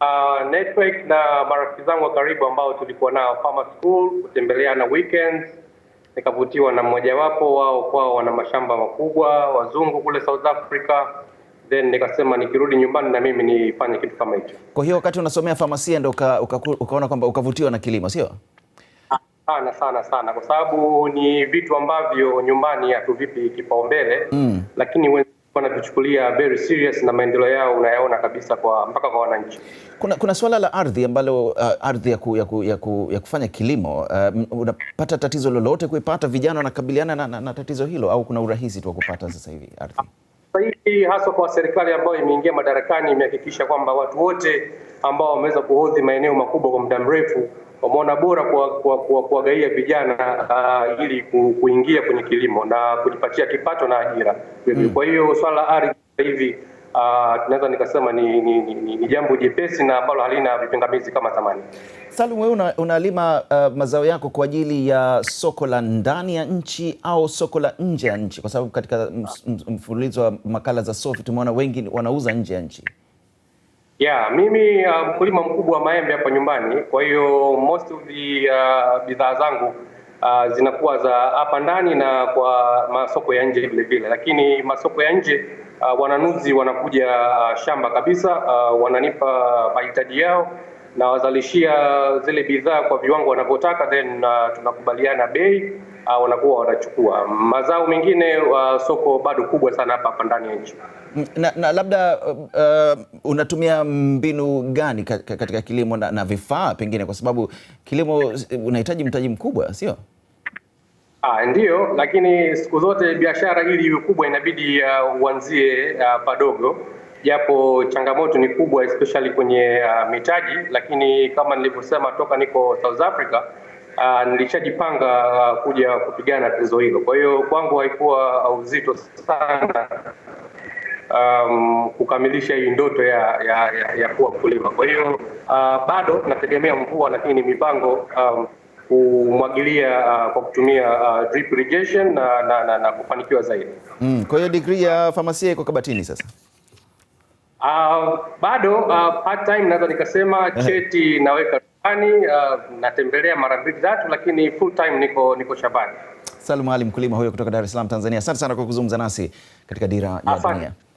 uh, ah, network na marafiki zangu wa karibu ambao tulikuwa nao Farmer School, kutembeleana weekends, nikavutiwa na mmojawapo wao, kwao wana mashamba makubwa, wazungu kule South Africa, then nikasema nikirudi nyumbani na mimi nifanye kitu kama hicho. Kwa hiyo wakati unasomea famasia ndio uka, uka, ukaona kwamba ukavutiwa na kilimo, sio? Sana sana sana, kwa sababu ni vitu ambavyo nyumbani hatuvipi kipaumbele mm. lakini wanavichukulia very serious na maendeleo yao unayaona kabisa kwa mpaka kwa wananchi. Kuna, kuna suala la ardhi ambalo uh, ardhi ya, ku, ya, ku, ya, ku, ya kufanya kilimo uh, unapata tatizo lolote kuipata? Vijana wanakabiliana na, na, na tatizo hilo au kuna urahisi tu wa kupata sasa hivi ardhi? Sasa hivi haswa kwa serikali ambayo imeingia madarakani imehakikisha kwamba watu wote ambao wameweza kuhodhi maeneo makubwa kwa muda mrefu wameona bora kuwagaia vijana uh, ili kuingia kwenye kilimo na kujipatia kipato na ajira mm. Kwa hiyo swala la ardhi sasa hivi uh, nikasema ni, ni, ni, ni, ni jambo jepesi na ambalo halina vipingamizi kama zamani. Salum, wewe unalima uh, mazao yako kwa ajili ya soko la ndani ya nchi au soko la nje ya nchi? Kwa sababu katika mfululizo wa makala za Sofi tumeona wengi wanauza nje ya nchi. Yeah, mimi uh, mkulima uh, mkubwa wa maembe hapa nyumbani, kwa hiyo most of the uh, bidhaa zangu uh, zinakuwa za hapa ndani na kwa masoko ya nje vile vile, lakini masoko ya nje uh, wananuzi wanakuja uh, shamba kabisa uh, wananipa mahitaji yao na wazalishia zile bidhaa kwa viwango wanavyotaka, then uh, tunakubaliana bei uh, wanakuwa wanachukua mazao mengine. Uh, soko bado kubwa sana hapa hapa ndani ya nchi. Na, na labda uh, uh unatumia mbinu gani katika kilimo na, na vifaa pengine, kwa sababu kilimo unahitaji mtaji mkubwa, sio? Ah, ndio, lakini siku zote biashara ili iwe kubwa inabidi uh, uanzie uh, uh, padogo japo changamoto ni kubwa especially kwenye uh, mitaji, lakini kama nilivyosema toka niko South Africa uh, nilishajipanga uh, kuja kupigana tuzo hilo. Kwa hiyo kwangu haikuwa uzito sana um, kukamilisha hii ndoto ya, ya, ya, ya kuwa mkulima. Kwa hiyo uh, bado nategemea mvua, lakini ni mipango um, kumwagilia uh, kwa kutumia uh, drip irrigation na, na, na, na kufanikiwa zaidi mm. Kwa hiyo degree ya famasia iko Kabatini sasa. Uh, bado uh, part time naweza nikasema cheti naweka Ani, uh, natembelea mara mbili tatu, lakini full time niko niko Shabani. Salum Ali, mkulima huyo kutoka Dar es Salaam, Tanzania. Asante sana kwa kuzungumza nasi katika Dira ya Dunia.